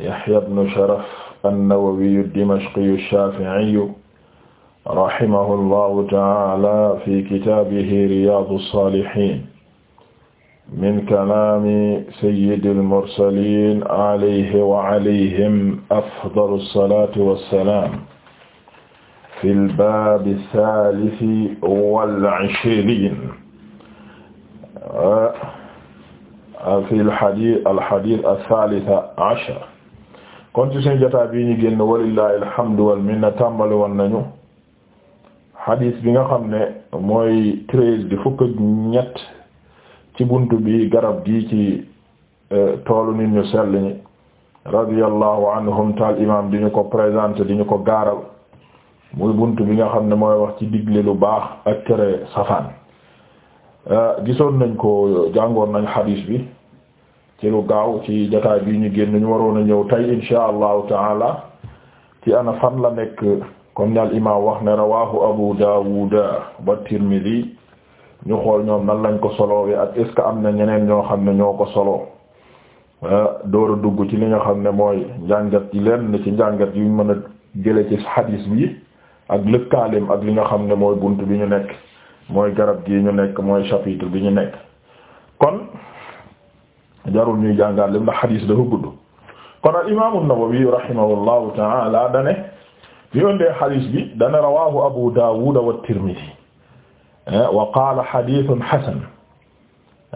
Yahya ibn Sharaf an-Nawawi ad-Dimashqi ash-Shafi'i rahimahullahu ta'ala fi kitaabihi Riyaadu s-Saalihiin min kalaami sayyidil mursaliin alayhi wa alayhim afdalu s-salaati wa s-salaam fil baabi s-saalisi wal 'ishriin fil hadiis al-hadiis as-saalisa 'ashar kon ci suñu jotaay bii ñu génn walillahi alhamdu wal minna tàmbali woon nañu hadith bi nga xam ne mooy treize di fukk ñett ci bunt bi garab gi ci e, toolu nit ñu sell ñi radiyallahu anhum taal imam di ñu ko présenté di ñu ko gaaral muy buntu bi nga xam ne mooy wax ci digle lu baax ak tere safaan e, gisoon nañ ko jàngoon nañ hadith bi ci lu gaaw ci jotaay bi ñu génn ñu waroon a ñëw tay insha allahu taala ci ana la nekk comme ni al imam wax ne rawahu abu daawud wa tirmidhi ñu xool ñoom nan lañ ko solo wi ak est ce am na ñeneen ñoo xam ne ñoo ko solo door dugg ci li nga xam ne mooy njàngat yi ci njàngat yu mën a jële ci hadis bi ak lëkkaalim ak li nga xam ne mooy bunt bi ñu nekk mooy garab gii ñu nekk mooy chapitre bi ñu nekk kon jarul ñuy jàngaat lim ndax xadiis dafa gudd kon al imaamu Nawawi rahimahullahu ta'ala dane bi ondee xadiis bi dane rawaahu Abu Daawud wa Tirmidhi eh, wa qaala xadiisun xasan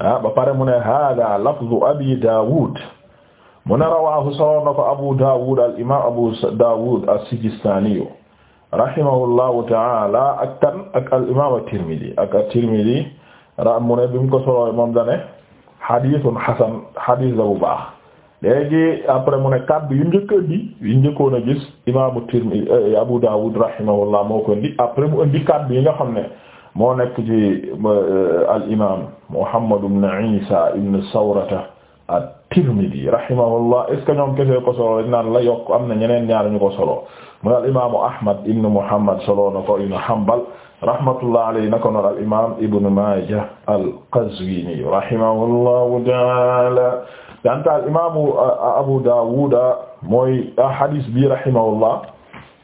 eh, ba pare mu ne haaza lafzu Abi Daawud mu ne rawaahu solo na ko Abu Daawud al imaam Abu Daawud as-Sijistaani rahimahullahu ta'ala ak kan ak al imaam at-Tirmidhi ak at-Tirmidhi ra mu ne bi mu ko solo moom dane xadiisun xasan xadiis la bu baax léegi après mu ne kàddu yu njëkk indi yu njëkkoon a gis imaamu Tirmidhi eh, Abu Dawud rahimahullah moo ko indi après mu indi kàddu yi nga xam ne moo nekk ci eh, al imaam Muhammad ibn Isa ibn Sawrata at-Tirmidhi rahimahullah est ce que ñoom kese ko solo lañ naan la yokk am na ñeneen ñaar ñu ko solo mu al imaamu Ahmad ibn Muhammad solo na ko ibn Hanbal rahmatullah alayhi naka noonu al imaam Ibn Maajah al-Qazwiini rahimahullahu ta'aala danta al imaamu uh, Abu Daawuud uh, mooy uh, hadiis bi rahimahullah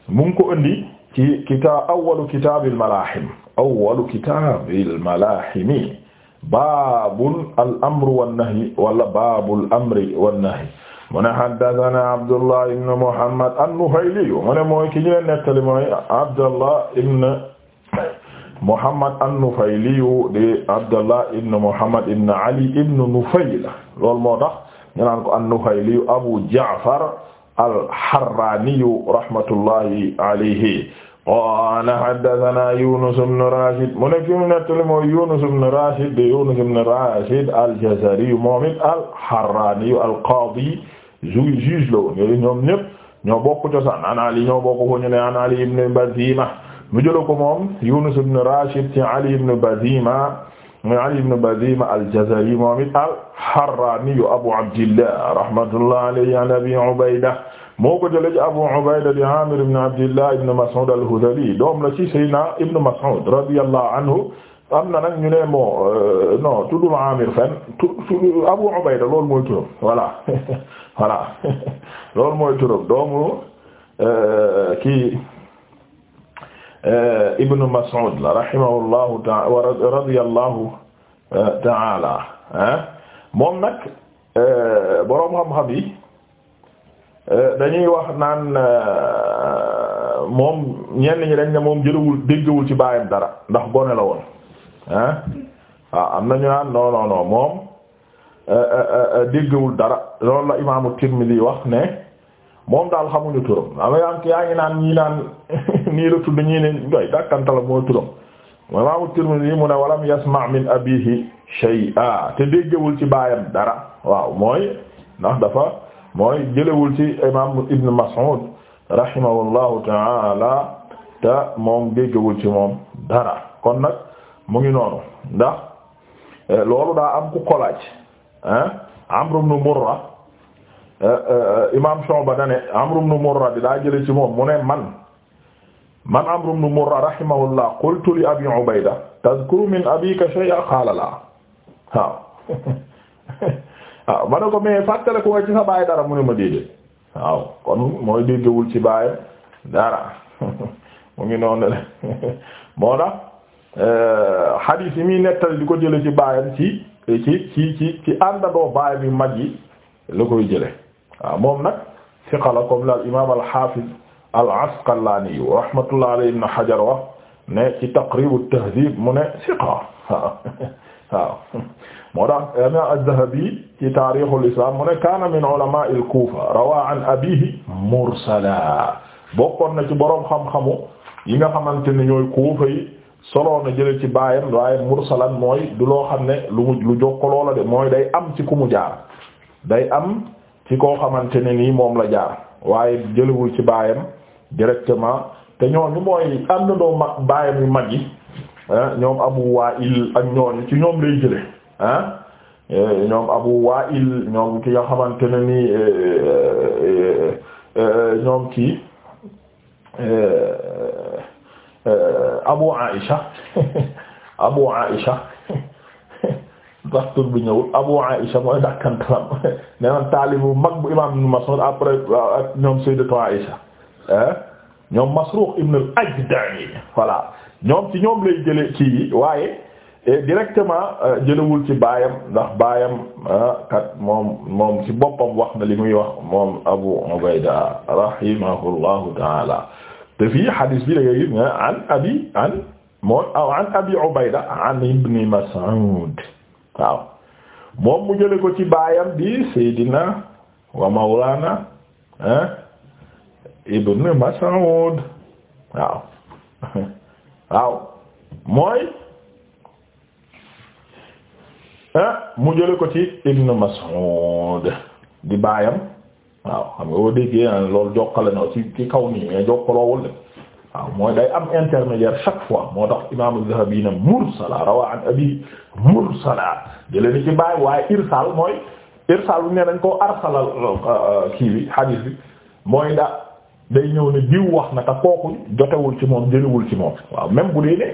mu ngi ko indi ci kitaab awwalu kitaabil malaahim awwalu kitaabil malaahim baabul amri wan-nahyi wala baabul amri wan-nahyi mu ne haddathana Abdullah ibn Muhammad an-Nuhayli mu ne mooy ki ñu nettali mooy Abdullah ibn Muhammad an-Nufayli di Abdallah ibn Muhammad ibn Ali ibn Nufayl loolu moo tax ñu naan ko an-Nufayli Abu Ja'far al-Harrani rahmatullahi alayhi qaala haddathana Yunus ibn Rashid mu nekk mu nettali mooy Yunus ibn Rashid di Yunus ibn Rashid al-Jazari moom it al-Harrani al-qaadi juge la woon ñoom ñëpp ñoo bokk cosaan an Ali ñoo bokk ko ñu ne an Ali ibn Bazima mu jëloon ko moom Yunus ibn Rashid ci Ali ibn Bazima muy Ali ibn Bazima al-Jazari moom it al-Harrani Abu Abdillah rahmatullah alayhi an Abi Ubayda moo ko jëlee ci Abu Ubayda di Amir ibn Abdillah ibn Mas'ud al-Hudhali doom la ci Seydina Ibn Mas'ud radiyallahu anhu am na nag ñu ne moo euh, non tuddul Amir fenn tu Abu Ubayda loolu mooy turam voilà voilà loolu mooy turam doomu euh, kii. Eh, ibnu Mas'ud la rahimahullahu eh, ta'ala wa radiyallahu ta'ala moom nag eh, boroom xam-xam yi dañuy wax naan moom ñenn ñi dañ ne moom jëlawul déggawul ci baayam dara ndax gone la woon ah waaw am nañu naan non non non moom déggawul dara loolu la imaamu Tirmidhi wax ne moom daal xamuñu turam ama yaa ngi yaa ngi naan ñii naan nii la tudd ñii ne doy mu ne walam yasma min abihi shay'a te déggewul ci baayam dara waaw mooy ndax dafa mooy jëlewul ci imam Ibn Mas'ud rahimahullahu ta'ala te moom déggewul ci moom dara kon nag mu ngi noonu ndax eh, loolu daa am ku ko laaj ah Murra Euh, euh, imam Shu'ba dane Amr ibn Murra bi daa jële ci moom mu ne man man Amr ibn Murra rahimahullah qultu li Abi Ubayda tadhkuru min abika shay'an qaala laa waaw waaw ma ko mais fàttale ko nga ci sa baay dara mu ne ma déedéet waaw kon mooy déggewul ci baay dara mu ngi noonu le moo tax hadith euh, yi muy nettali di ko jële ci baayam ci ci ci ci ci àndandoo baayam yu mag yi la koy jële waaw moom nag fiqa la comme la imaam al-Hafiz al-Asqalani rahmatullah alayhi ibn Hajar wax ne ci Taqrib at-Tahdhib mu ne fiqa waaw waaw moo tax imaam az-Zahabi ci Tarikh al-Islam mu ne kaana min ulama al-Kufa rawa an abihi mursala bokkoon na ci boroom xam-xamu yi nga xamante ne ñooy Kufa yi solo na jële ci baayam waaye mursalan mooy du loo xam ne lu mu lu jokkaloo la de mooy day am ci ku mu jaar day am ci koo xamante ne nii moom la jaar waaye jëlewul ci baayam directement te ñooñu mooy àndandoo mag baayam yu mag yi ah, ñoom Abu Wa'il ak ñooñu ci ñoom lay jële ah eh, ñoom Abu Wa'il ñoom ki nga xamante ne nii eh, eh, ñoom ci Abu Aisha Abu Aisha tax tur bi ñëwul Abu Aïsha mooy dakkantalam nee na taalibu mag bu imaam Ibn Mas'ud après ñoom Sayyidatu Aïsha ñoom Masruq voilà ñoom ci ci yi waaye eh, directement euh, jëlewul ci baayam ndax baayam ah, kat moom moom ci boppam wax na li muy wax moom Abu Ubayda rahimahullahu taala te fii hadis bi da ngay gis ah, an abi an abi Ubayda an ibn Mas'ud waaw moom mu jële ko ci baayam di Seydina wa Mawlana ah Ibn Mas'ud waaw waaw mooy mu jële ko ci Ibn Mas'ud di baayam waaw xam nga boo déggee loolu jokala na ci ci kaw nii mais jokkaloowul de waaw mooy day am intermédiaire chaque fois moo tax imaamu Zahabi na mursala rawa an abi mursala jëlee ni ci bàyyi waaye irsal mooy irsal bu ne dañ koo arsalal kii bi hadis bi mooy da day ñëw ne diw wax na te kooku jotewul ci moom jëlewul ci moom waaw même bu dee ne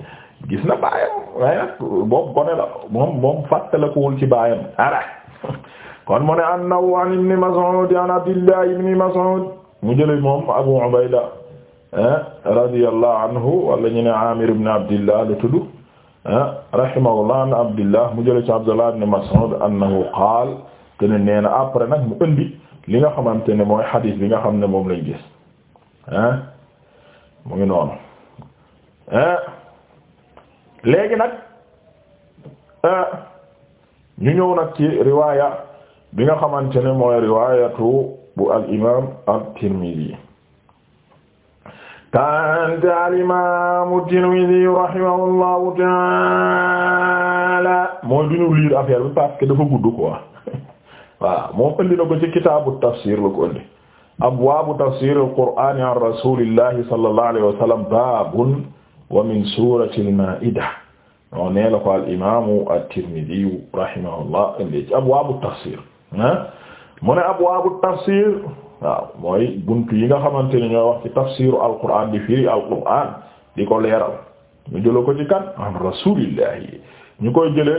gis na baayam waaye nag boobu gone la moom moom fàttalikuwul ci baayam ara kon mu ne an naw an ibn Mas'ud an Abdillah ibn Mas'ud mu jëlee moom Abu Ubayda Eh? radiyallahu anhu wala ñu ne Amir ibn Abdillah la tudd eh? rahimahullah an Abdillah mu jële ci Abdullah ibn Mas'ud annahu qaal tene nee na après nag mu indi li nga xamante ne mooy xadiis bi nga xam ne moom lañ gis eh? mu ngi noonu léegi nag ñu ñëw nag ci riwaaya bi nga xamante ne mooy riwaayatu bu al imaam at-Tirmidhi kanta alimamu Tirmidhi rahimahullahu taala mooy duñu liir affaire bi parce que dafa gudd quoi voilà moom indi na ko ci kitaabu tafsir la ko indi abwaabu tafsir al-Qur'aan an rasulillahi sallallahu alayhi wa sallam baabun wa min surati al-Maa'ida non nee la ko al imaamu at-Tirmidhi rahimahullah indi ci abwaabu tafsir ah mu ne abwaabu tafsir waaw mooy bunt yi nga xamante ne ñooy wax ci tafsiru alquran di firi alquran di ko leeral ñu jëlo ko ci kan an rasulillahi ñu koy jële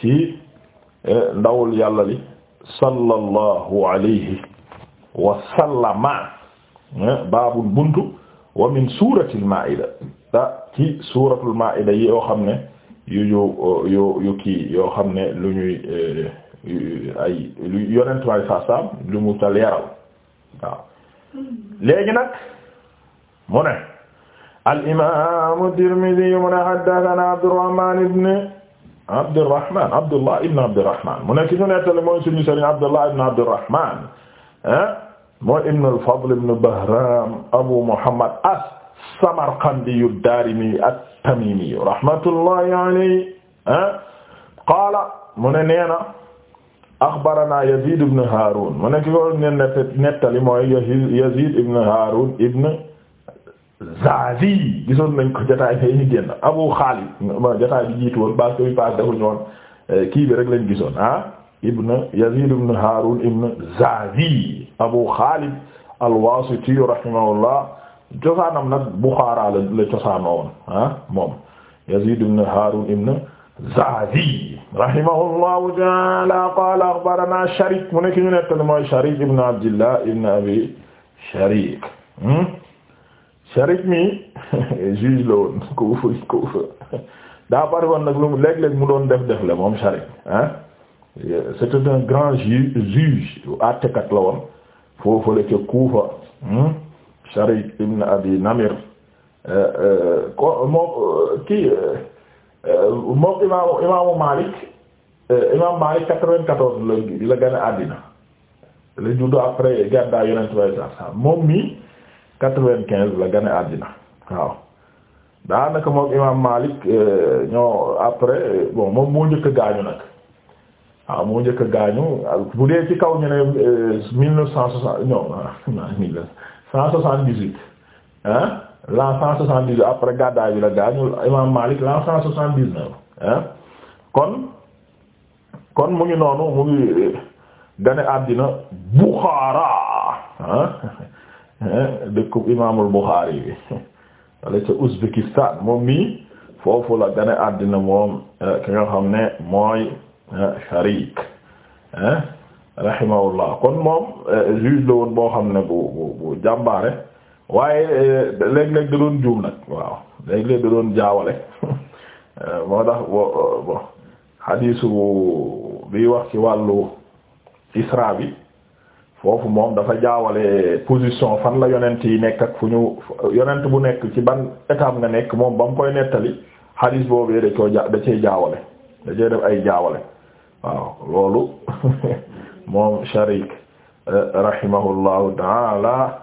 ci eh, ndawul yàlla li sallallahu alayhi wa eh, baabul buntu wa min suuratil maa'ida ta ci suuratul maa'ida yi yoo xam ne yu yu yoo xam ne lu ñuy eh, ay lu saa saam lu mu ta leeral waaw léegi nag mu ne al imaamu Tirmidi mu ne haddathana Abdurrahman ibn Abdurrahman Abdullah ibn Abdurrahman mu ne ki ñu nettali mooy suñu sëriñ Abdullah ibn Abdurrahman ah mooy ibn al-Fadl ibn Bahram Abu Muhammad as-Samarqandi ad-Darimi at-Tamimi rahmatullahi alayhi ah qaala mu ne neena axbarana Yazid ibn Haroun mu nekk yow ne nettali mooy Yazid ibn Haroun ibn Zazi gisoon nañ ko jotaay bi ñu génn Abu Khalid jotaay bi jiitu woon parce que bi paas defuñu woon eh, kii bi rek lañ gisoon ah ibn Yazid ibn Haroun ibn Zazi Abu Khalid al-Wasiti rahimahullah cosaanam nag Bukhara la la ah, moom Yazid ibn Haroun ibn Zazi rahimahullahu ta'ala qala akhbarana Sharik mu nekk ñu nettali mooy Sharik ibn Abdillah ibn Abi Sharik hmm? Sharik mi juge la woon Kufa Kufa daa bari woon nag lu léeg-léeg mu doon def def la moom Sharik ah c'était un grand ju juge àttekat la woon foofu la ca hmm? Sharik ibn Abi Namir euh, euh, ko moom kii Euh, moom imaamu imaamu Malik euh, imaamu Malik quatre-vingt-quatorze la gane àddina la juddu après gàddaay Yonent bi saa saa moom mi quatre-vingt-quinze la gane àddina waaw daanaka moom imaamu Malik euh, ñoo après bon moom moo njëkk gaañu nag waaw moo njëkk gaañu bu dee ci kaw ñu ne mille neuf cent soixante non cent soixante-dix-huit hein l'an après gàddaay bi la gaañu imam Malik l'an cent soixante-dix-neuf hein kon kon mu ngi noonu mu ngi eh, gane àddina Bukhara ah imaamul Bukhari bi wala ca Ouzbékistan moom mii foofu la gane àddina moom eh, ki nga xam ne mooy eh, Sharik rahimahullah kon moom juge la woon boo xam ne bu bu bu jàmbaare waaye eh, léeg-léeg da doon juum nag waaw léeg-léeg da doon jaawale eh, moo tax eh, bon xadiisu bi wax ci wàllu isra bi foofu moom dafa jaawale position fan la yonent yi nekk ak fu ñu yonent bu nekk ci ban étape nga nekk moom bam koy nettali xadiis boobu da koo da cee jaawale da cee def ay jaawale waaw loolu moom Sharik rahimahullahu taala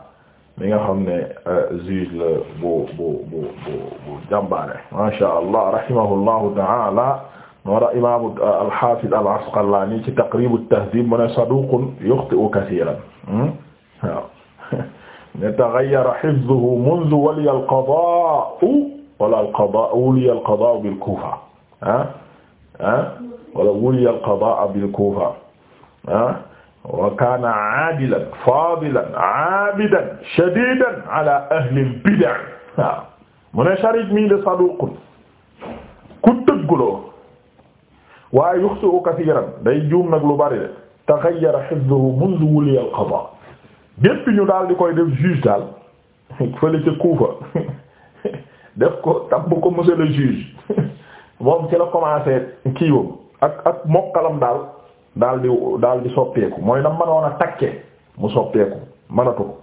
mi nga xam ne euh, juge la bu bu bu bu jàmbaare masha allah rahimahullahu ta'ala noora imaamu euh, al-Hafiz al-Asqalani ci Taqrib at-Tahdhib mu ne saduqun yukhti'u kathiran hmm? waaw ne taghayyara hifdhuhu منذ ولي القضاء ولا القضاء ولي القضاء بالكوفة ah ah wala ولي القضاء بالكوفة ah wa kaana aadilan faadilan aabidan shadiidan ala ahli al-bida' waaw mu ne Sharik mii de saduqun ku dëgguloo waaye yuxti'u kathiran day juum nag lu bari de taghayyara hifdhuhu mundu wuliya al-qadaa gépp ñu daal di koy def juge daal fële ca Kuufa def ko tabb ko monsieur le juge moom ci la commencé kiiwam ak ak mokkalam daal daal di daal di soppeeku mooy na mënoon a takke mu soppeeku mënatu ko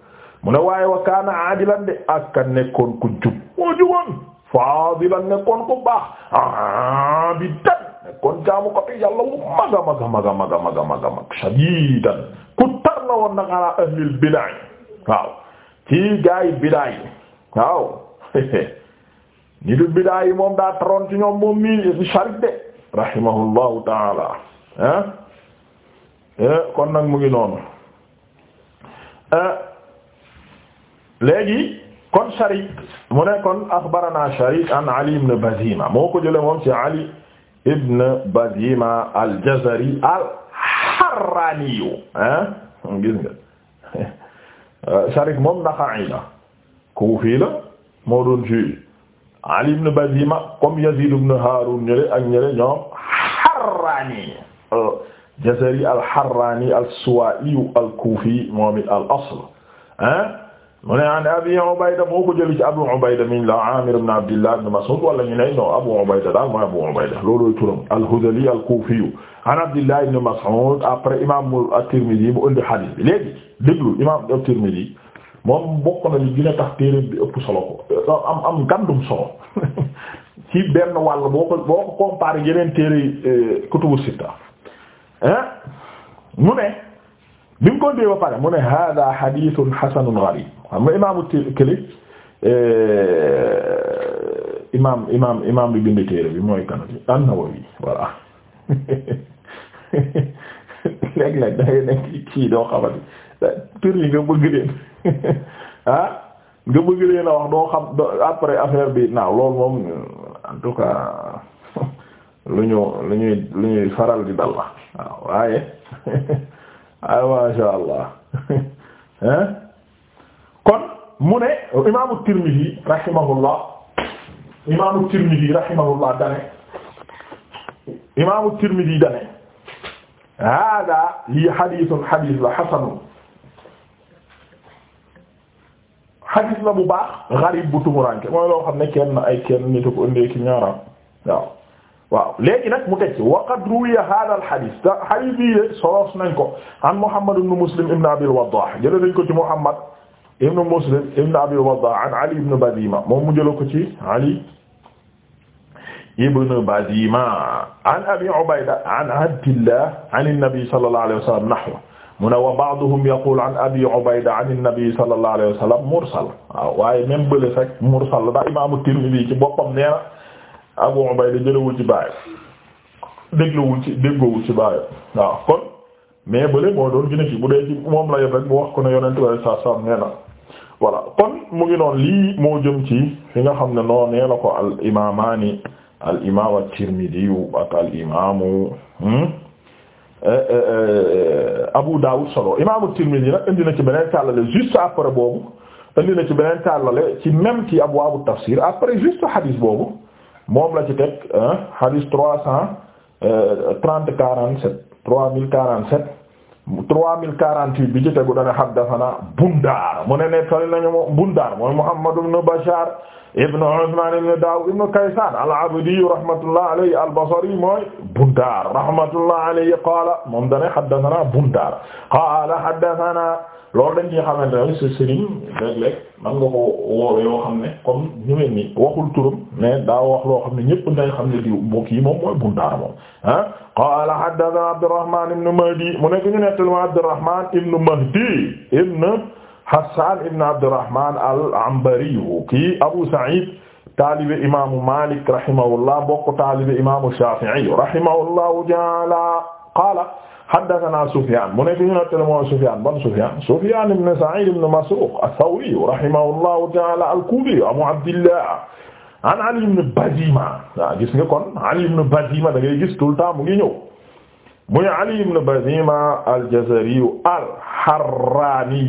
mu ne waaye wa kaana aadilan de akka nekkoon ku jub moo juboon faadilan nekkoon ku baax aabidan nekkoon jaamu ko fi yàlla wu maga maga maga maga maga maga shadiidan ku tar na woon nag ala ahlil bidaa waaw ci gaay ni du bidaa moom daa taroon ci ñoom moom mii sharik de rahimahullahu taala ah Eh, kon nag mu ngi noonu eh, léegi kon Sharik mu ne kon axbarana Sharik an Ali ibn Bazima moo ko jëlee moom ci Ali ibn Bazima al-Jazari al-Harraniyu ah gis nga Sharik moom Naxa'i la Kufi la moo doon ci Ali ibn Bazima comme Yazid ibn Harun ñële ak ñële ñoom Harrani jazari alxarraani alsuwaa'iyu alkuufi moom it al asl ah mu ne an abi ubayda moo ko jëli ci abu ubayda min la amir ibn abdillah ibn mas'ud wala ñu ne non abu ubayda daal mooy abu ubayda loolooy turam alhudali alkuufiyu an abdillah ibn mas'ud après imam at-tirmidhi mu indi hadith bi léegi déglu imam at-tirmidhi moom bokk na li gën a tax téere bi ëpp solo ko am am gàndum solo ci benn wàll boo ko boo ko comparé yeneen téere eh, kutubu sitta mu ne bi ko dee ba pare mu ne hada hadithun hasanun gharib xam nga imaamu kële eh, imaam imaam bi bind téere bi mooy kanati an-Nawawi voilà léeg-léeg da ngay nekk kii doo xamante tur yi nga bëgg leen ah, nga bëgg leen doo xam après affaire bi naaw loolu moom en tout cas. lu ñu lu lu ñuy faral di dal la waaw ay masha allah hein kon mu ne imaamu Tirmidhi rahimahullah imaamu Tirmidhi rahimahullah dane imaamu Tirmidhi dane hada lii xadiisun xadiis la xasanun xadiis la bu garib bu tumuranke mooy loo xam ne kenn ay kenn nitu ko ëndee ki ñaaram waaw waaw léegi nag mu teg ci wa qad ruwiya hadha al hadith te hadith bi solos nañ ko an Muhammad ibn Muslim ibn Abi al-Waddah jëlee nañ ko ci Muhammad ibn Muslim ibn Abi al-Waddah an Ali ibn Badima moom mu jëloo ko ci Ali ibn Badima an Abi Ubayda an Abdillah an an-Nabi sallallahu alayhi wa sallam nahwa mu ne wa ba'duhum yaqulu an Abi Ubayda an an-Nabi sallallahu alayhi wa sallam mursal waaw waaye même bële sax mursal da Imam Tirmidhi ci boppam nee na Abu Ubayda jëlawul ci baayam dégluwul ci déggoowul ci baayam waaw kon mais bële moo doon gën a ci bu dee ci moom la yem rek mu wax ko ne yonent waaye saa saa nee na kon mu ngi noonu lii moo jëm ci fi nga xam ne noo nee la ko al imaamaani al imaam at-Tirmidhi ak al imaamu hmm? eh, eh, eh, Abu Dawud solo imaamu at-Tirmidhi nag indi na ci beneen tàllale juste après boobu indi na ci beneen tàllale ci même ci abwaabu tafsir après juste hadis boobu. moom la ci teg hadith trois cent trente quarante sept trois mille quarante sept trois mille quarante huit bi ci tegu dana haddathana Bundaar mu ne nettali nañu moom Bundaar mooy Muhammad ibn Bashar ibn Uthman ibn Daw ibn Kaysan al-Abdi rahmatullah alayhi al-Basri mooy Bundaar rahmatullah alayhi qaala moom dana haddathana Bundaar qaala haddathana loolu dañ ci xamante ne sa sëriñ léeg-léeg man nga ko woowe yoo xam ne comme ñu mel ni waxul turam mais daa wax loo xam ne ñëpp ngay xam ne di mbokk yi moom mooy bundaara moom ah qaala haddathana Abdurrahman ibn Mahdi mu nekk ñu nettal ma Abdurrahman ibn Mahdi ibn Hassan ibn Abdurrahman al-Anbari kii Abu Sa'id taalibe imaamu Malik rahimahullah bokk taalibe imaamu Shafi'i rahimahullahu ta'ala qaala haddasanaa Sufyaan mu nekk ñu nettali mooy Sufyaan ban Sufyaan Sufyaan ibn Sa'iid ibn Masruuq as-Sawrii rahimahullahu ta'aalaa al-Kuufi Abu Abdillah an Ali ibn Baziima waaw gis nga kon Ali ibn Baziima da ngay gis tout le temps mu ngi ñëw muy Ali ibn Baziima al-Jazari al-Harraani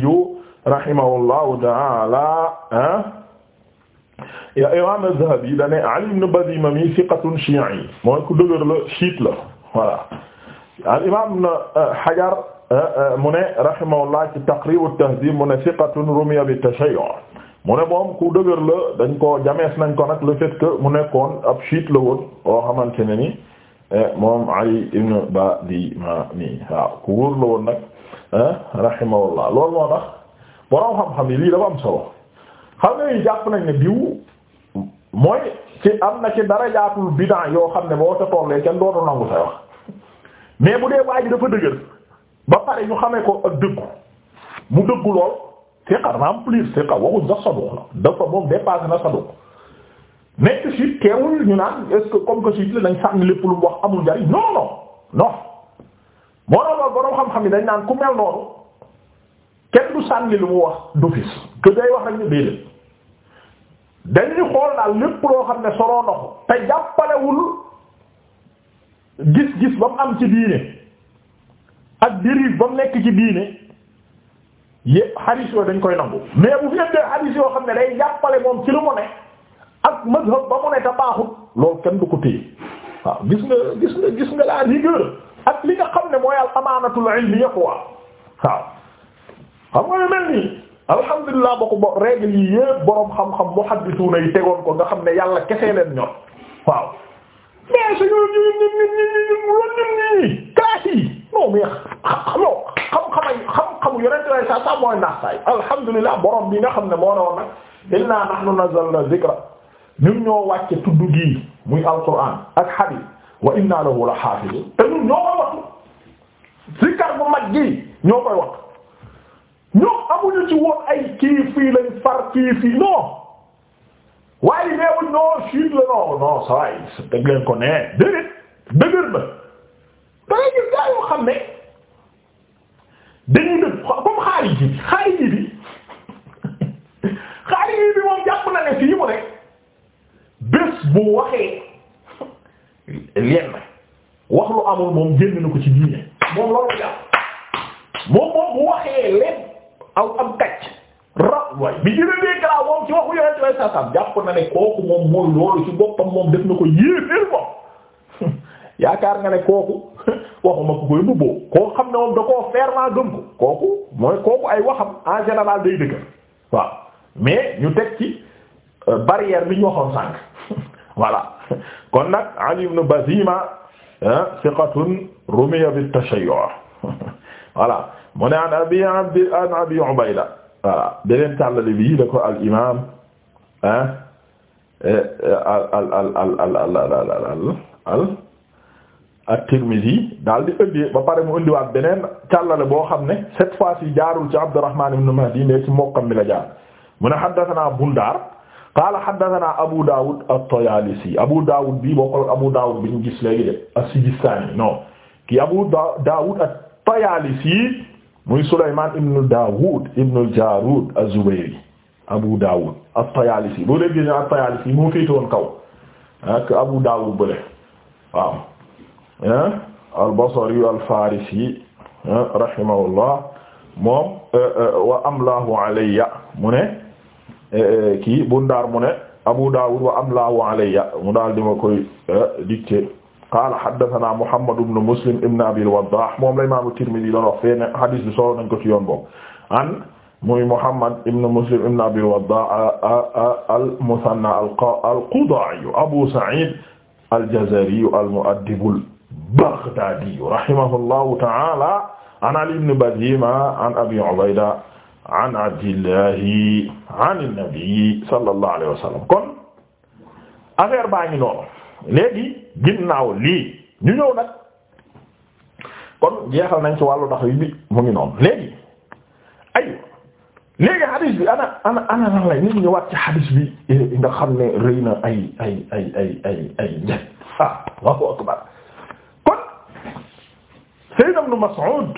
rahimahullahu ta'aalaa imaam az-Zahabi da ne Ali ibn Baziima ah, mi siqatun shii'i mooy ku dëgër la chiite la voilà. al imaam na euh, euh, Hajar euh, mu ne rahimahullah ci Taqrib at-Tahdhib mu ne thiqatun rumiya bi-tashayyu' mu ne moom ku dëgër la dañ ko jamees nañ ko nag le fait que mu nekkoon ab chiite la woon oo xamante ne ni moom Ali ibn Badimani waaw ku wóor la woon nag rahimahullah loolu moo tax borom xam-xam yi lii dafa am solo xam nga jàpp nañ ne diw mooy ci am na ci darajaatul bid'a yoo xam ne boo ca tollee kenn dootu nangu say wax. mais bu dee waa ji dafa dëgër ba pare ñu xamee ko ak dëggu mu dëggu lool siqa remplir siqa waxuñ sax saduq la dafa moom dépassé na saduq nekk siit teewul ñu naan est que comme que siit la dañ sànni lépp lu mu wax amul njariñ non non non moo doon loolu borom xam-xam yi dañ naan ku mel noonu kenn du sànni lu mu wax d'office que day wax rek ñu déedéet dañuy xool daal lépp loo xam ne soroo na ko te jàppalewul gis-gis ba mu am ci diine ak dérive ba mu nekk ci diine yépp hadith yooyu dañ koy nangu mais bu fi indee hadith yoo xam ne day jàppale moom ci lu mu ak mazhab ba mu ne te baaxut loolu kenn du ko téye waaw gis nga gis nga gis nga la rigueur ak li nga xam ne mooy al amaanatul ilmiya quoi waaw xam nga lu mel nii alhamdulilah ba ko bo règle yi yépp boroom xam-xam muhaddisuna yi tegoon ko nga xam ne yàlla kese leen ñor waaw mais suñu ñu ñu ñu ñu ñu ñu classe yi non mais xam-xamoo xam-xamay xam-xamu yonente lay sa sa mooy nax saay alhamdulilah borom bi nga xam ne moo ne woon nag inna nahnu nazzalna dhikra ñun ñoo wàcce tudd gii muy alquran ak hadith wa inna lahu la hafizun te ñun ñoo koy waxtu zikkar bu mag gii ñoo ci woon ay kii fii far kii fii waaye yi neewuñ non suite la non non ça dëgg leen ko nee déedéet dëgër na dangay gis gaa xam ne dañuy dëgg comme xaariji bi xaariji bi xaariji bi moom jàpp ne fii mu rek bés bu waxee leen wax lu amul moom génn na ko ci diine moom loolu jàpp moom moom bu waxee leen aw am kàcc rab way bi gën a dee moom ci waxu yonent way sasam jàpp na ne kooku moom mooy loolu ci boppam moom def na ko yéeféer moom yaakaar nga ne kooku waxuma ko koy mbubboo koo xam ne moom da koo ferment gëm ko kooku mooy kooku ay waxam en général day dëgg waaw mais ñu teg ci euh, barrière bi ñu waxoon sànq voilà kon nag Ali ibn Bazima thiqatun rumiya bit tashayyu' voilà mu ne an abi abdi an abi Ubayda voilà beneen tàllale bi da ko al imaam ah al al al al al al al al ba pare mu indiwaat beneen tàllale boo xam ne cette fois ci jaarul ci Abdurrahman ibn Mahdi mais ci mbokkam mi la jaar mu ne haddathana Bundaar qaala haddathana Abu Dawud at-Tayalisi Abu Dawud bii boo Abu Dawud bi ñu gis léegi de as-Sijistani Abu Dawud at-Tayalisi muy Sulaymaan ibnu Daawud ibnu Jaaruud az-Zubayri Abu Daawud at-Tayaalisi boo léegi ñu at-Tayaalisi moo féetewoon kaw ak ah, Abu Daawud bële waaw ah, al-Basri al-Faarisi ah, rahimahullah moom eh, eh, wa amlaahu alayya mu ne eh, kii Bundaar mu ne Abu Daawud wa amlaahu alayya mu daal di ma koy dicté qaala haddasanaa Muhammad ibn Muslim ibn Abil Waddaah moom la imaamu Tirmidi doon wax fee ne hadiis bi solo nañ ko ci yoon boobu an muy Muhammad ibn Muslim ibn Abil Waddaah al-Musanna al-Qudaa'i Abu Sa'iid al-Jazari al-Mu'addib al-Baghdaadi rahimahullahu ta'aala an Ali ibn Bahiima an Abi Ubayda an Abdillahi an an-Nabi sallallahu alayhi wa sallam kon affaire baa ngi noonu léegi ginnaaw lii ñu ñëw nag kon jeexal nañ ci wàllu tax bi mu ngi noonu léegi ay léegi hadis bi ana ana ana lan lay nit ñu ñëwaat ci hadis bi nga xam ne rëy na ay ay ay ay ay ay njëg ah Allahu akbar kon Sayyid Ibn Mas'ud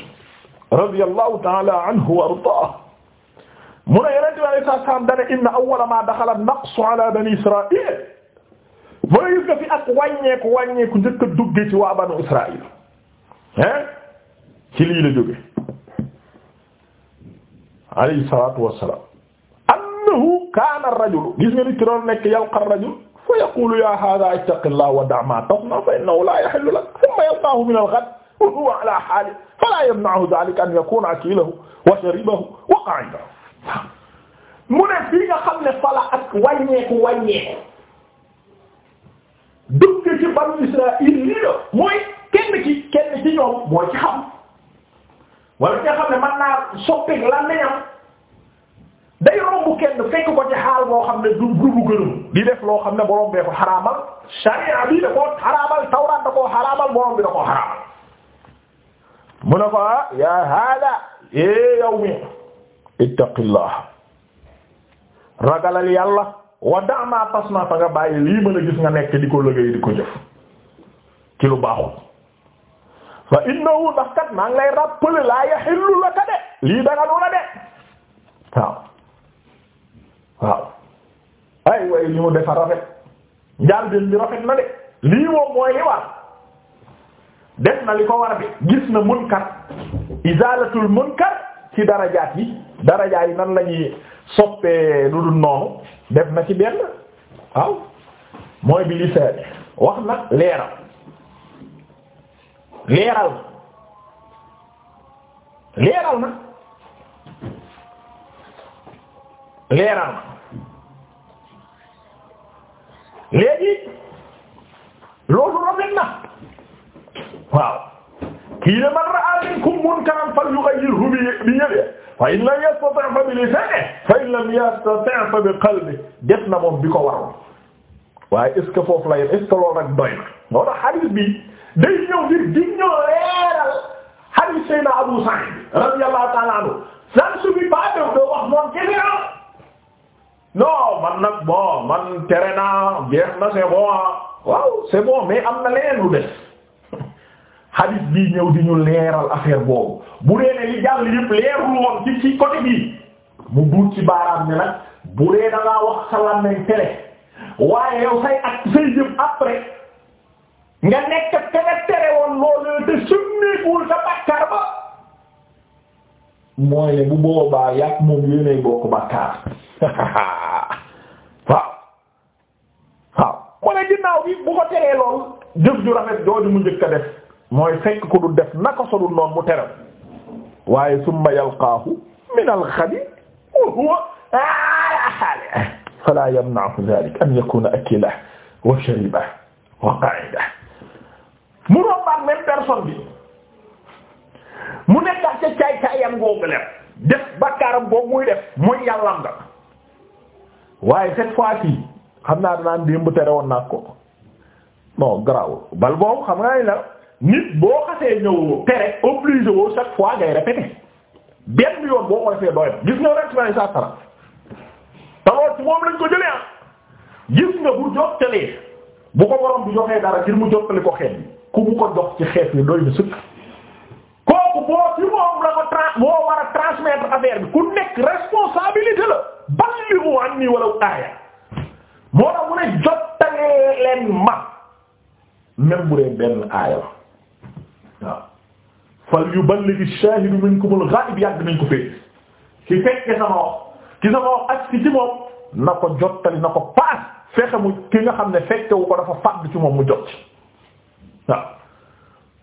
radiyallahu ta'ala anhu wa ardaahu mu ne yeneen di sallam dana inna awwala ma daxala an-naqsu ala bani Israa'il mooy gis nga fi ak wàññeeku wàññeeku njëkk a duggee ci waa banu Israël hein ci lii la jóge alayhi salaatu wassalaam annahu kaana ar-rajulu gis nga nit ki doon nekk yalqa ar-rajul fa yaqulu ya hadha ittaqillah wa da' ma tasna fa innahu la yahillu lak thumma yalqahu min al-ghad wa huwa ala halihi fala yamna'u dhalika an yakuna akilahu wa sharibahu wa qa'idahu mu ne fii nga xam ne fala ak wàññeeku wàññeeku dugg ci banu Israël ci kenn ci ñoom moo ci xam wala nga xam ne mën naa soppeek lan la day romb kenn fekk ko ci xaal boo xam ne du du gërëm di def loo xam ne borom bee ko xaraamal sariya bii da koo xaraamal tawraat da koo xaraamal bi da koo xaraamal. mu ne ko ya hada eh yow mi ittaqillah ragalal yàlla. wa dama tasna fa nga bàyyi lii ma la gis nga nekk di ko liggéey di ko jëf ci lu baaxul fa innahu ndax kat maa ngi lay rappeler laa yaxillu la ka lii danga lu de waaw waaw ay way li mu defar rafet njaal bi rafet na de lii moom mooy li war def na li ko war bi gis na munkar izalatul munkar ci darajaat yi darajaat yi nan lañuy soppee lu dul noonu def ci benn waaw mooy bi lisaani wax na leeral leeral leeral na leeral na léegi loolu rafet na waaw kii ne man ra'a minkum munkaran falyughayyirhu bi yadihi fa in lam yastati' fa bi lisanihi fa in lam yastati' fa bi qalbihi def na moom bi ko waroon waaye est ce que foofu la yem est ce que loolu rek doy na. moo tax bi day ñëw ngir di ñëw leeral hadith Seydina Abu Sa'id radiyallahu ta'ala a san su bi baa def doo wax moom keneen non man nag bon man tere naa jeex na c'est bon waaw c'est bon mais am na leneen lu des. hadis bii ñëw di ñu leeral affaire boobu bu dee ne li jàll yëpp leerul woon ci ci côté bii mu duut ci baaraam ne nag bu dee da wax salaam nañ tere waaye yow say ak say jëm après nga nekk ka nga tere woon loolu te sunneekuwul sa bàkkaar ba mooy ne bu boobaa yàq moom yéenay bokk bàkkaar waaw waaw kon ginnaaw bi bu ko teree lool jëf ju rafet jooju mu njëkk a def mooy fekk ko def naka sodul noonu mu teral waaye summa yalqaahu min alxabi wa huwa ala haalihi fala yamna'u dhaalika an yakuna akilahu wa sharibahu wa mu rombaat même personne bi mu nekk ca caay caayam googu la def bakkaaram googu muy def muy yàllam waaye cette fois-ci xam naa danaan démb tere woon naa ko non garaawul bal boobu xam nga la nit boo xasee ñëw tere obligé woo chaque fois ngay répéter benn yoon boo ko defee doy gis nga rek may saa sara taroot ci moom lañ ko jëlee ah gis nga bu jottalee bu ko borom bi joxee dara ngir mu jottali ko xeet bi ku mu ko jox ci xeet bi doy na sëkk kooku boo ci moom la ko trans boo war a transmettre affaire bi ku nekk responsabilité la ballighu anni walaw aaya moo tax mu ne jottalee leen ma même bu dee benn aaya la waaw yu yuballigh ash-shaahidu minkum al-ghaa'ib nañ ko fee ci fekke sama wax ki sama wax ak ci moom na ko jottali na ko paas fexe mu ki nga xam ne fekke wu ko dafa fàgg ci moom mu jot waaw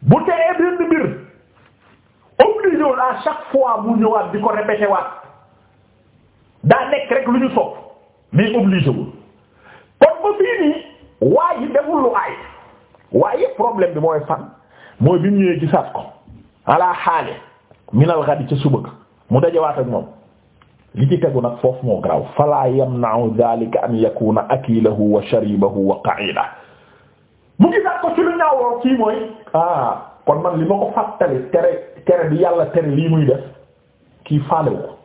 bu teree benn mbir obligé wu à chaque fois mu ñëwaat di ko répété daa nekk rek lu ñu sopp mais obligé wu kon ba fii nii waa deful lu aay waaye problème bi mooy fan. mooy bi mu ñëwee gisaat ko ala xaale minal xadi ca suba mu dajawaat ak moom li ci tegu nag foofu moo garaaw fala yamna'u dhalika an yakuna akilahu wa sharibahu wa qa'idahu mu gisaat ko ci lu ñaawoo kii mooy ah kon man li ma ko fàttali tere tere bi yàlla tere lii muy def kii faalewu ko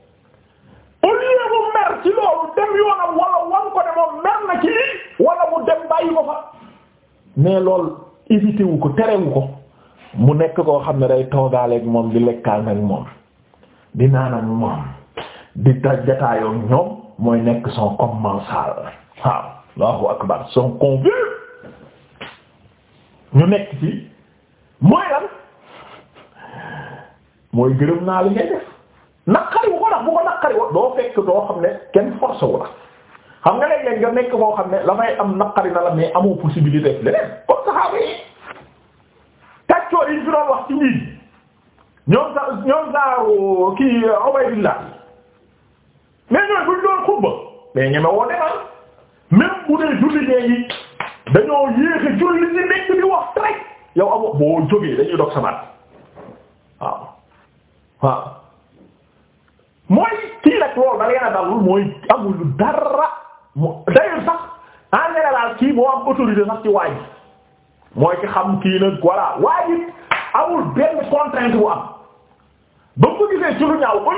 au lieu mer ci loolu dem yoonam wala wan ko ne mer na ci lii mu dem bàyyi ko fa mais loolu éviter wu ko terewu ko mu nekk koo xam ne day toogaaleeg moom di lekkaal nag moom di naan ak moom di jataayoo ñoom mooy nekk son commensal waaw Allahu akbar son convive ñu nekk ci mooy lan mooy gërëm naa li ngay naqari wu ko ndax bu ko naqari wa doo fekk doo xam ne kenn force wu la xam nga léeg nga nekk koo xam ne la am naqari na la mais amoo possibilité def comme saxaaba yi kàccoor yi ñu fi doon wax ci njiit ñoom sa ñoom saaru euh, kii euh, Ubaydillah mais ñooy buñ doon xutba mais ñeme woo demal ah même bu dee julli nee yi dañoo yéexe julli ñi nekk di wax rek yow amoo boo jógee dañuy dog sabat waaw mooy kii nag loolu da leen a dalul mooy amul dara d'ailleurs sax en général kii moo am autorité mooy ki xam kii nag voilà waaye it benn contrainte bu ba mu ko gisee ci lu ñaaw au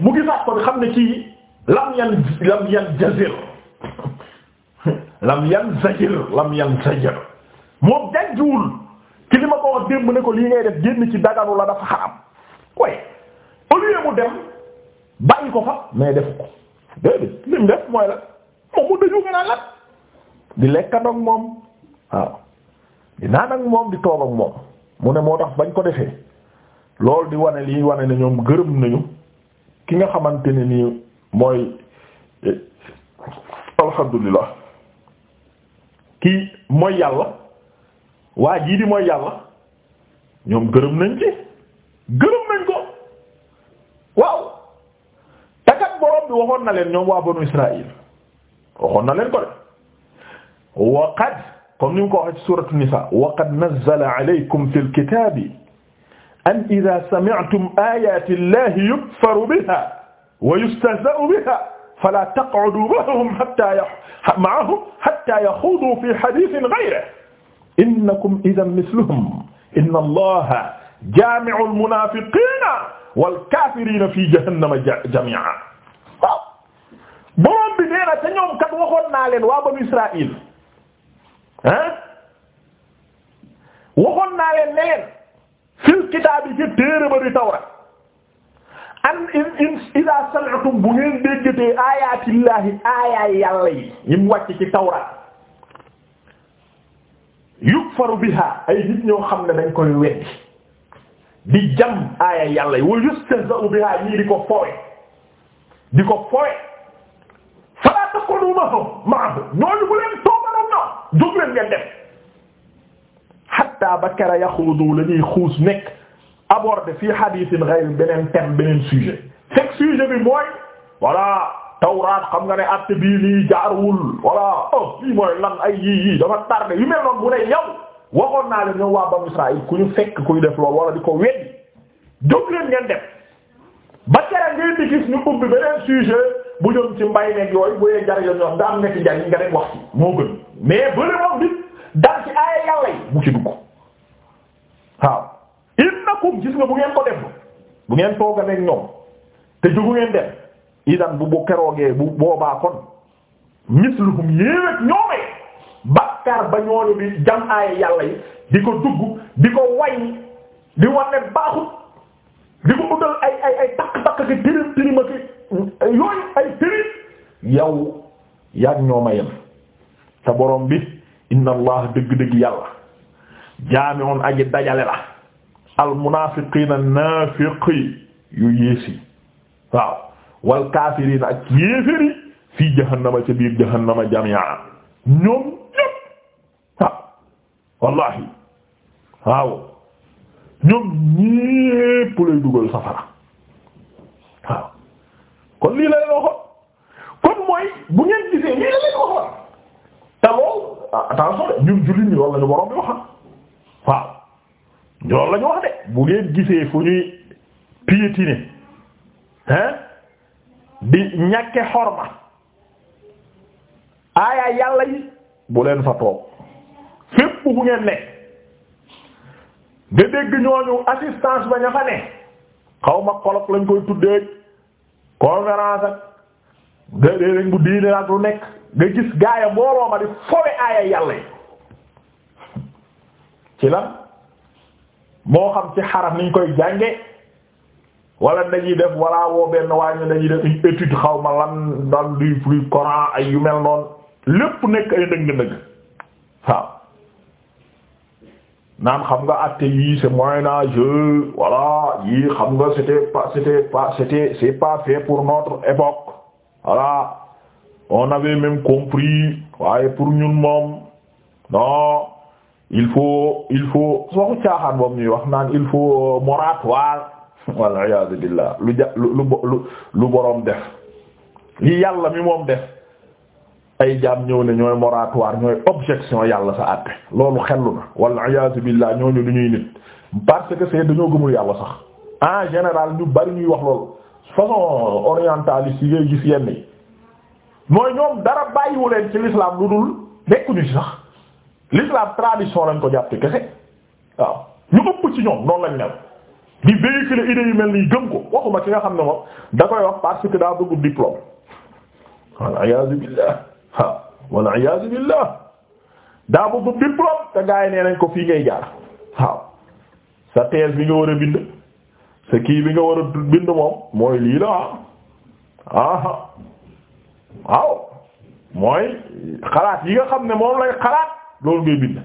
mu gisaat ko xam ne ci lam yan lam yan jazir lam yan zajir lam moom jànjuwul ci ko wax démb ne ko li ngay def génn ci daganu la dafa xaram waaye au mu dem bàyyi ko fa mais defu ko déedéet li mu def mooy la moom mu dëju nga naan la di lekkandoog moom waaw dinaa nag moom di toog ak moom mu ne moo tax bañ ko defee loolu di wane lii wane ne ñoom gërëm nañu ki nga xamante ne nii mooy eh, alhamdulilah kii mooy yàlla waa jii di mooy yàlla ñoom gërëm nañ ci gërëm nañ ko waaw takat borom bi waxoon na leen ñoom waa banu Israël waxoon na leen ko de wa comme ni mu ko waxee ci suuratu nisaa wa qad nazzala alaykum fil kitaabi an idhaa sami'tum aayaati llaahi yukfaru bihaa wa yustahza'u bihaa falaa taq'uduu ma'ahum hattaa yaxuuduu fii hadiisin ghayrihi innakum idhan mithluhum inna llaaha jaami'ul munaafiqiina wal kaafiriina fii jahannama jamii'an. Borom bi nee na te ñoom kat waxoon naa leen waa Banu Israa'iil ah waxoon naa leen ne leen fil kitaabi ci téere ba di tawra an in in idaa sami'tum bu ngeen déggatee ci tawra yukfaru biha ay nit ñoo xam ne dañ koy weddi di jam aayaay yàlla yi wa yustahza'u biha ñii di ko foowe di ko foowe fala takunu ma'ahum ma'ahum ñooñu bu leen toog non jóg leen ngeen dem hatta ba kera du la ñuy xuus nekk aborder fii hadithin ghayr beneen thème beneen sujet fekk sujet bi mooy voilà tawraat xam nga ne atte bii nii jaarul voilà oh lii mooy lan ay yii yii dafa tardé yi mel noonu bu yow waxoon naa leen ñoom waa banu Israël ku ñu fekk kuy def loolu wala di ko weddi jóg leen ngeen dem ba kera ngeen di gis ñu ubbi beneen sujet bu ñoom ci mbay nekk yooyu bu dee jar yoon ñoom daa am nekk njariñ nga dem wax moo gën mais bële moom bi dal ci aaya yàlla bu ci dugg waaw innakum gis nga bu ngeen ko def bu ngeen tooga rek ñoom te jugu ngeen dem idan bu bu keroogee bu boobaa kon misluhum yéewét ñoomee bakkar ba ñooñu bi jam aaya yàlla yi di ko dugg di ko wañ di wanne baaxut di ko uddal ay ay takk-takk ki tirim tirim ak yooyu ay tirim yow yaag ñooma yem te borom bi inna allah dëgg-dëgg yàlla jaami'un aji dajale la al munaafiqiina yu yéesi waaw wal ak yéeféri fii jahannama ca biir jahannama jami'a ñoom ñépp waaw waaw ñoom ñépp lay dugal safara waaw kon lii lay waxoon kon mooy bu ngeen gisee Ah, attention de ñun jullit ñi loolu la ñu borom bi wax waaw loolu ñu wax de bu ngeen gisee fu ñuy piétiner hein di ñàkke xorma aaya yàlla yi bu leen fa toog fépp bu ngeen ne nga dégg ñooñu assistance ba ña fa ma colloque lañ koy tuddee conférence ak déedéet bu diine ak lu nekk. nga gis gaaya mbooloo ma di fowe aaya yàlla ci lan moo xam ci xaram niñ koy jànge wala dañuy def wala woo benn waa ñu dañuy def une étude xaw ma lan dal du plus Coran ay yu mel noonu lépp nekk ay ndëng-ndëng waaw naan xam nga acte yii c'est moyen âge voilà yii xam nga c'était pas c'était pas c'était c'est pas fait pour notre époque voilà on avait même compris waaye pour ñun moom non il faut il faut soo caaxaan moom ñuy wax naan il faut euh, moratoire wal iyaadu billah lu ja lu lu boroom def li yàlla mi moom def ay jaam ñëw ne ñooy moratoire ñooy objection yàlla sa àtte loolu xellu na wal iyaadu billah ñooñu du ñuy nit parce que c'est dañoo gëmul yàlla sax en général ñu bari ñuy wax loolu façon orientaliste yi gis yenn yi mooy ñoom dara bàyyiwu leen ci l'islam lu dul nekkuñu ci sax l'islam tradition lañ ko jàppe kese waaw ñu ëpp ci ñoom noonu lañ new di véhiculer idées yu mel nii gëm ko waxuma ci nga xam ne moom da koy wax parce que daa bëgg diplôme wal iyaazu billah ha wal iyaazu daa bëgg diplôme te gaa nee nañ ko fii ngay jaar waaw sa thèse bi nga war a bind sa kii bi nga war a bind moom mooy lii la ah waaw mooy xalaat yi nga xam ne moom lay xalaat loolu ngay bind